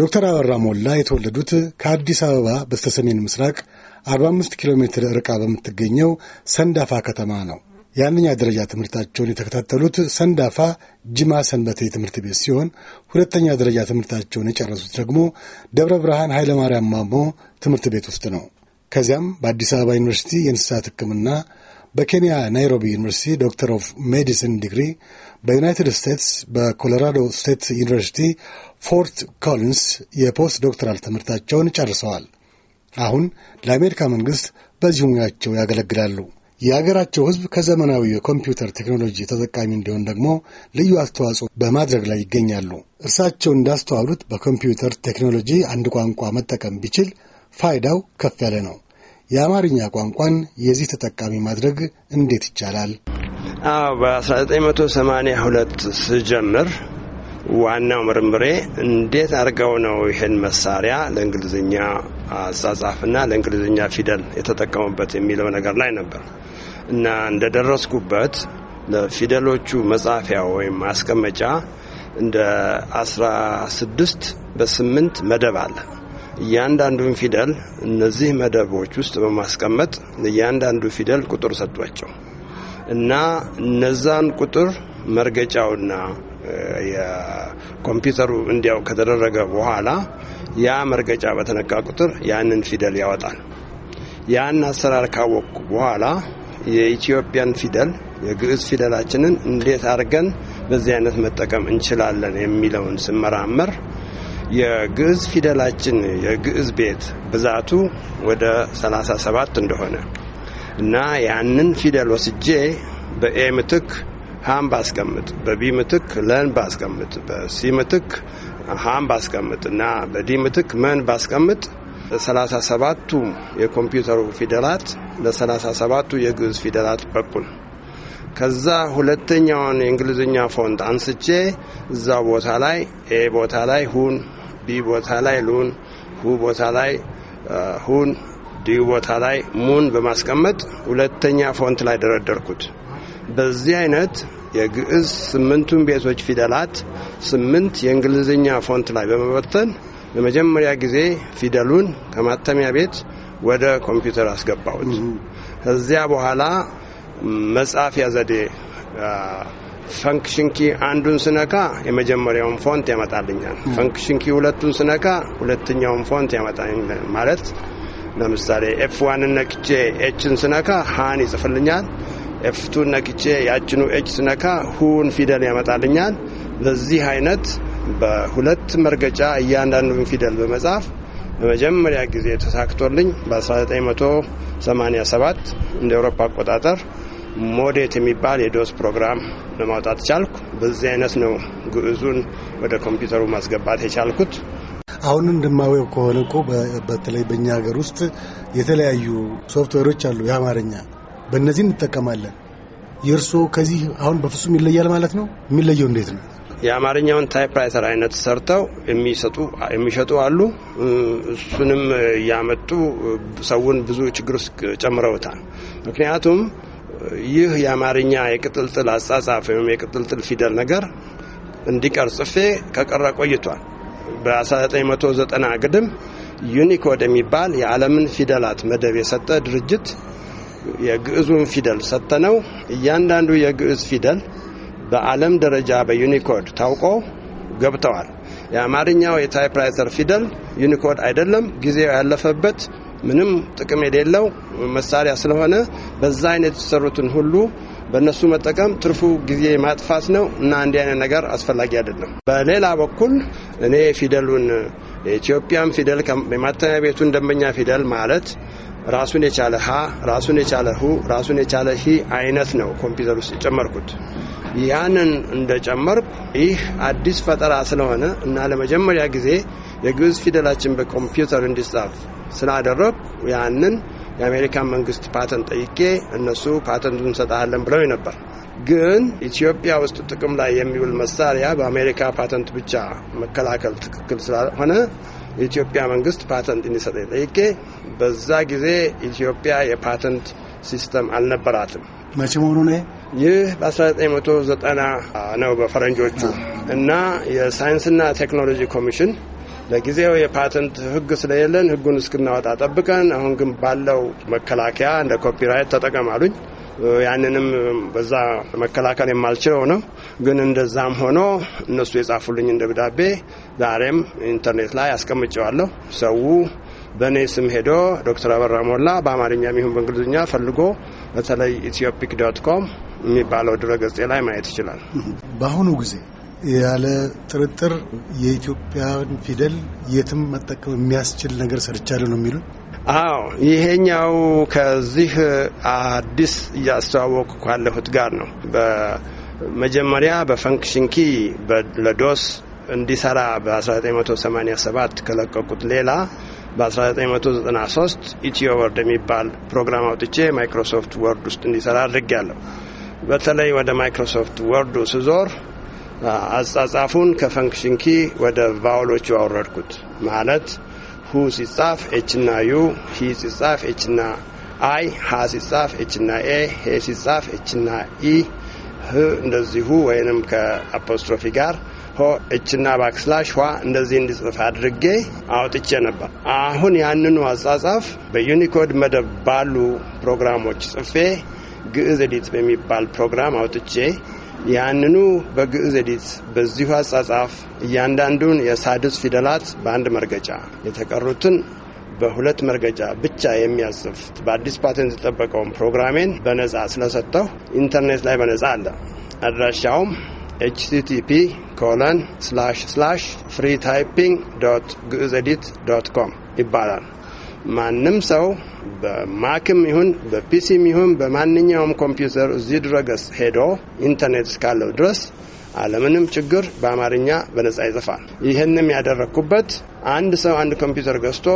ዶክተር አበራ ሞላ የተወለዱት ከአዲስ አበባ በስተሰሜን ምስራቅ 45 ኪሎ ሜትር ርቃ በምትገኘው ሰንዳፋ ከተማ ነው። የአንደኛ ደረጃ ትምህርታቸውን የተከታተሉት ሰንዳፋ ጅማ ሰንበቴ ትምህርት ቤት ሲሆን ሁለተኛ ደረጃ ትምህርታቸውን የጨረሱት ደግሞ ደብረ ብርሃን ኃይለማርያም ማሞ ትምህርት ቤት ውስጥ ነው። ከዚያም በአዲስ አበባ ዩኒቨርሲቲ የእንስሳት ሕክምና በኬንያ ናይሮቢ ዩኒቨርሲቲ ዶክተር ኦፍ ሜዲሲን ዲግሪ፣ በዩናይትድ ስቴትስ በኮሎራዶ ስቴት ዩኒቨርሲቲ ፎርት ኮሊንስ የፖስት ዶክተራል ትምህርታቸውን ጨርሰዋል። አሁን ለአሜሪካ መንግሥት በዚሁ ሙያቸው ያገለግላሉ። የአገራቸው ሕዝብ ከዘመናዊ የኮምፒውተር ቴክኖሎጂ ተጠቃሚ እንዲሆን ደግሞ ልዩ አስተዋጽኦ በማድረግ ላይ ይገኛሉ። እርሳቸው እንዳስተዋሉት በኮምፒውተር ቴክኖሎጂ አንድ ቋንቋ መጠቀም ቢችል ፋይዳው ከፍ ያለ ነው። የአማርኛ ቋንቋን የዚህ ተጠቃሚ ማድረግ እንዴት ይቻላል? አዎ በ1982 ስጀምር ዋናው ምርምሬ እንዴት አድርገው ነው ይህን መሳሪያ ለእንግሊዝኛ አጻጻፍና ለእንግሊዝኛ ፊደል የተጠቀሙበት የሚለው ነገር ላይ ነበር እና እንደደረስኩበት ለፊደሎቹ መጻፊያ ወይም ማስቀመጫ እንደ 16 በስምንት መደብ አለ። እያንዳንዱን ፊደል እነዚህ መደቦች ውስጥ በማስቀመጥ እያንዳንዱ ፊደል ቁጥር ሰጧቸው እና እነዛን ቁጥር መርገጫውና የኮምፒውተሩ እንዲያው ከተደረገ በኋላ ያ መርገጫ በተነካ ቁጥር ያንን ፊደል ያወጣል። ያን አሰራር ካወቅኩ በኋላ የኢትዮጵያን ፊደል የግዕዝ ፊደላችንን እንዴት አድርገን በዚህ አይነት መጠቀም እንችላለን የሚለውን ስመራመር የግዕዝ ፊደላችን የግዕዝ ቤት ብዛቱ ወደ 37 እንደሆነ እና ያንን ፊደል ወስጄ በኤ ምትክ ሃም ባስቀምጥ፣ በቢ ምትክ ለን ባስቀምጥ፣ በሲ ምትክ ሃም ባስቀምጥ እና በዲ ምትክ መን ባስቀምጥ 37ቱ የኮምፒውተሩ ፊደላት ለ37ቱ የግዕዝ ፊደላት በቁን። ከዛ ሁለተኛውን የእንግሊዝኛ ፎንት አንስቼ እዛው ቦታ ላይ ኤ ቦታ ላይ ሁን ቢ ቦታ ላይ ሉን፣ ሁ ቦታ ላይ ሁን፣ ዲ ቦታ ላይ ሙን በማስቀመጥ ሁለተኛ ፎንት ላይ ደረደርኩት። በዚህ አይነት የግዕዝ ስምንቱን ቤቶች ፊደላት ስምንት የእንግሊዝኛ ፎንት ላይ በመበተን ለመጀመሪያ ጊዜ ፊደሉን ከማተሚያ ቤት ወደ ኮምፒውተር አስገባሁት። ከዚያ በኋላ መጻፊያ ዘዴ ፈንክሽንኪ አንዱን ስነካ የመጀመሪያውን ፎንት ያመጣልኛል። ፈንክሽንኪ ሁለቱን ስነካ ሁለተኛውን ፎንት ያመጣል ማለት ለምሳሌ ኤፍ ዋን ነክቼ ኤችን ስነካ ሃን ይጽፍልኛል። ኤፍ ቱ ነክቼ ያችኑ ኤች ስነካ ሁን ፊደል ያመጣልኛል። በዚህ አይነት በሁለት መርገጫ እያንዳንዱን ፊደል በመጻፍ በመጀመሪያ ጊዜ ተሳክቶልኝ በ1987 እንደ አውሮፓ አቆጣጠር ሞዴት የሚባል የዶስ ፕሮግራም ለማውጣት ቻልኩ። በዚህ አይነት ነው ግዕዙን ወደ ኮምፒውተሩ ማስገባት የቻልኩት። አሁን እንደማወቅ ከሆነ እኮ በተለይ በእኛ ሀገር ውስጥ የተለያዩ ሶፍትዌሮች አሉ የአማርኛ፣ በእነዚህ እንጠቀማለን። የእርስዎ ከዚህ አሁን በፍጹም ይለያል ማለት ነው? የሚለየው እንዴት ነው? የአማርኛውን ታይፕራይተር አይነት ሰርተው የሚሸጡ አሉ። እሱንም እያመጡ ሰውን ብዙ ችግር ውስጥ ጨምረውታል። ምክንያቱም ይህ የአማርኛ የቅጥልጥል አጻጻፍ ወይም የቅጥልጥል ፊደል ነገር እንዲቀር ጽፌ ከቀረ ቆይቷል። በ1990 ግድም ዩኒኮድ የሚባል የዓለምን ፊደላት መደብ የሰጠ ድርጅት የግዕዙን ፊደል ነው። እያንዳንዱ የግዕዝ ፊደል በዓለም ደረጃ በዩኒኮድ ታውቆ ገብተዋል። የአማርኛው የታይፕራይተር ፊደል ዩኒኮድ አይደለም፣ ጊዜው ያለፈበት ምንም ጥቅም የሌለው መሳሪያ ስለሆነ በዛ አይነት የተሰሩትን ሁሉ በእነሱ መጠቀም ትርፉ ጊዜ ማጥፋት ነው እና እንዲህ አይነት ነገር አስፈላጊ አይደለም። በሌላ በኩል እኔ ፊደሉን የኢትዮጵያን ፊደል የማተሚያ ቤቱን ደንበኛ ፊደል ማለት ራሱን የቻለ ሀ፣ ራሱን የቻለ ሁ፣ ራሱን የቻለ ሂ አይነት ነው ኮምፒውተር ውስጥ የጨመርኩት። ያንን እንደጨመርኩ ይህ አዲስ ፈጠራ ስለሆነ እና ለመጀመሪያ ጊዜ የግዕዝ ፊደላችን በኮምፒውተር እንዲጻፍ ስላደረግኩ ያንን የአሜሪካን መንግስት ፓተንት ጠይቄ እነሱ ፓተንቱን እንሰጣለን ብለው ነበር። ግን ኢትዮጵያ ውስጥ ጥቅም ላይ የሚውል መሳሪያ በአሜሪካ ፓተንት ብቻ መከላከል ትክክል ስላልሆነ የኢትዮጵያ መንግስት ፓተንት እንዲሰጠኝ ጠይቄ፣ በዛ ጊዜ ኢትዮጵያ የፓተንት ሲስተም አልነበራትም። መቼ መሆኑ ነው? ይህ በ1990 ነው በፈረንጆቹ እና የሳይንስና ቴክኖሎጂ ኮሚሽን ለጊዜው የፓተንት ህግ ስለሌለን ህጉን እስክናወጣ ጠብቀን፣ አሁን ግን ባለው መከላከያ እንደ ኮፒራይት ተጠቀማሉኝ። ያንንም በዛ መከላከል የማልችለው ነው። ግን እንደዛም ሆኖ እነሱ የጻፉልኝ ደብዳቤ ዛሬም ኢንተርኔት ላይ አስቀምጨዋለሁ። ሰው በእኔ ስም ሄዶ ዶክተር አበራ ሞላ በአማርኛም ይሁን በእንግሊዝኛ ፈልጎ በተለይ ኢትዮፒክ ዶት ኮም የሚባለው ድረገጽ ላይ ማየት ይችላል። በአሁኑ ጊዜ ያለ ጥርጥር የኢትዮጵያን ፊደል የትም መጠቀም የሚያስችል ነገር ሰርቻለሁ ነው የሚሉት? አዎ፣ ይሄኛው ከዚህ አዲስ እያስተዋወቅ ካለሁት ጋር ነው። በመጀመሪያ በፈንክሽንኪ ለዶስ እንዲሰራ በ1987 ከለቀቁት ሌላ በ1993 ኢትዮ ወርድ የሚባል ፕሮግራም አውጥቼ ማይክሮሶፍት ወርድ ውስጥ እንዲሰራ ያለው በተለይ ወደ ማይክሮሶፍት ወርዱ ስዞር አጻጻፉን ከፈንክሽን ኪ ወደ ቫውሎቹ አወረድኩት። ማለት ሁ ሲጻፍ ኤችና ዩ፣ ሂ ሲጻፍ ኤችና አይ፣ ሀ ሲጻፍ ኤችና ኤ፣ ሄ ሲጻፍ ኤችና ኢ፣ ህ እንደዚሁ ወይንም ከአፖስትሮፊ ጋር እችና ባክስላሽ ዋ እንደዚህ እንዲጽፍ አድርጌ አውጥቼ ነበር። አሁን ያንኑ አጻጻፍ በዩኒኮድ መደብ ባሉ ፕሮግራሞች ጽፌ ግዕዝ ኤዲት በሚባል ፕሮግራም አውጥቼ ያንኑ በግዕዝ ኤዲት በዚሁ አጻጻፍ እያንዳንዱን የሳድስ ፊደላት በአንድ መርገጫ የተቀሩትን በሁለት መርገጫ ብቻ የሚያጽፍ በአዲስ ፓተንት የተጠበቀውን ፕሮግራሜን በነጻ ስለሰጠው ኢንተርኔት ላይ በነጻ አለ። አድራሻውም ኤችቲቲፒ ኮለን ስላሽ ስላሽ ፍሪ ታይፒንግ ዶት ግዕዝ ኤዲት ዶት ኮም ይባላል። ማንም ሰው በማክም ይሁን በፒሲም ይሁን በማንኛውም ኮምፒውተር እዚህ ድረገጽ ሄዶ ኢንተርኔት እስካለው ድረስ አለምንም ችግር በአማርኛ በነጻ ይጽፋል። ይህንም ያደረግኩበት አንድ ሰው አንድ ኮምፒውተር ገዝቶ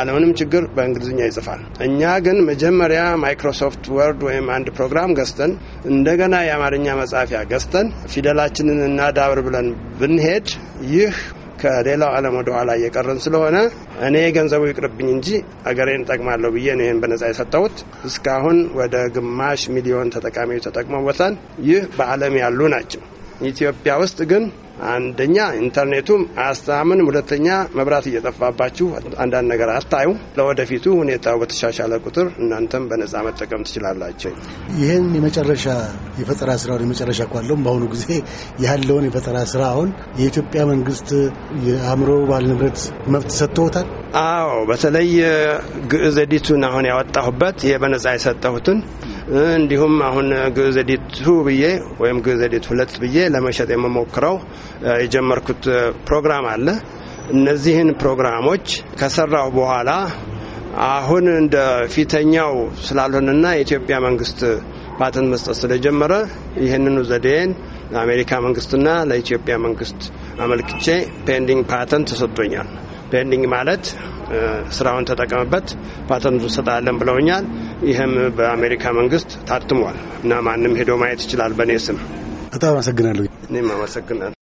አለምንም ችግር በእንግሊዝኛ ይጽፋል። እኛ ግን መጀመሪያ ማይክሮሶፍት ወርድ ወይም አንድ ፕሮግራም ገዝተን እንደገና የአማርኛ መጻፊያ ገዝተን ፊደላችንን እናዳብር ብለን ብንሄድ ይህ ከሌላው ዓለም ወደ ኋላ እየቀረን ስለሆነ እኔ ገንዘቡ ይቅርብኝ እንጂ አገሬን እንጠቅማለሁ ብዬ ነው ይህን በነጻ የሰጠሁት። እስካሁን ወደ ግማሽ ሚሊዮን ተጠቃሚዎች ተጠቅመውበታል። ይህ በዓለም ያሉ ናቸው። ኢትዮጵያ ውስጥ ግን አንደኛ ኢንተርኔቱም አያስተማምንም፣ ሁለተኛ መብራት እየጠፋባችሁ አንዳንድ ነገር አታዩ። ለወደፊቱ ሁኔታው በተሻሻለ ቁጥር እናንተም በነጻ መጠቀም ትችላላቸው። ይህን የመጨረሻ የፈጠራ ስራውን የመጨረሻ ኳለውም በአሁኑ ጊዜ ያለውን የፈጠራ ስራ አሁን የኢትዮጵያ መንግስት የአእምሮ ባለ ንብረት መብት ሰጥቶታል። አዎ፣ በተለይ ግዕዝ አሁን ያወጣሁበት ይሄ በነጻ የሰጠሁትን እንዲሁም አሁን ግዘዲቱ ብዬ ወይም ግዘዲት ሁለት ብዬ ለመሸጥ የምሞክረው የጀመርኩት ፕሮግራም አለ። እነዚህን ፕሮግራሞች ከሰራሁ በኋላ አሁን እንደ ፊተኛው ስላልሆነና የኢትዮጵያ መንግስት ፓተንት መስጠት ስለጀመረ ይህንኑ ዘዴን ለአሜሪካ መንግስትና ለኢትዮጵያ መንግስት አመልክቼ ፔንዲንግ ፓተንት ተሰጥቶኛል። ፔንዲንግ ማለት ስራውን ተጠቀምበት ፓተንቱ እንሰጣለን ብለውኛል። ይህም በአሜሪካ መንግስት ታትሟል እና ማንም ሄዶ ማየት ይችላል። በእኔ ስም በጣም አመሰግናለሁ። እኔም አመሰግናለሁ።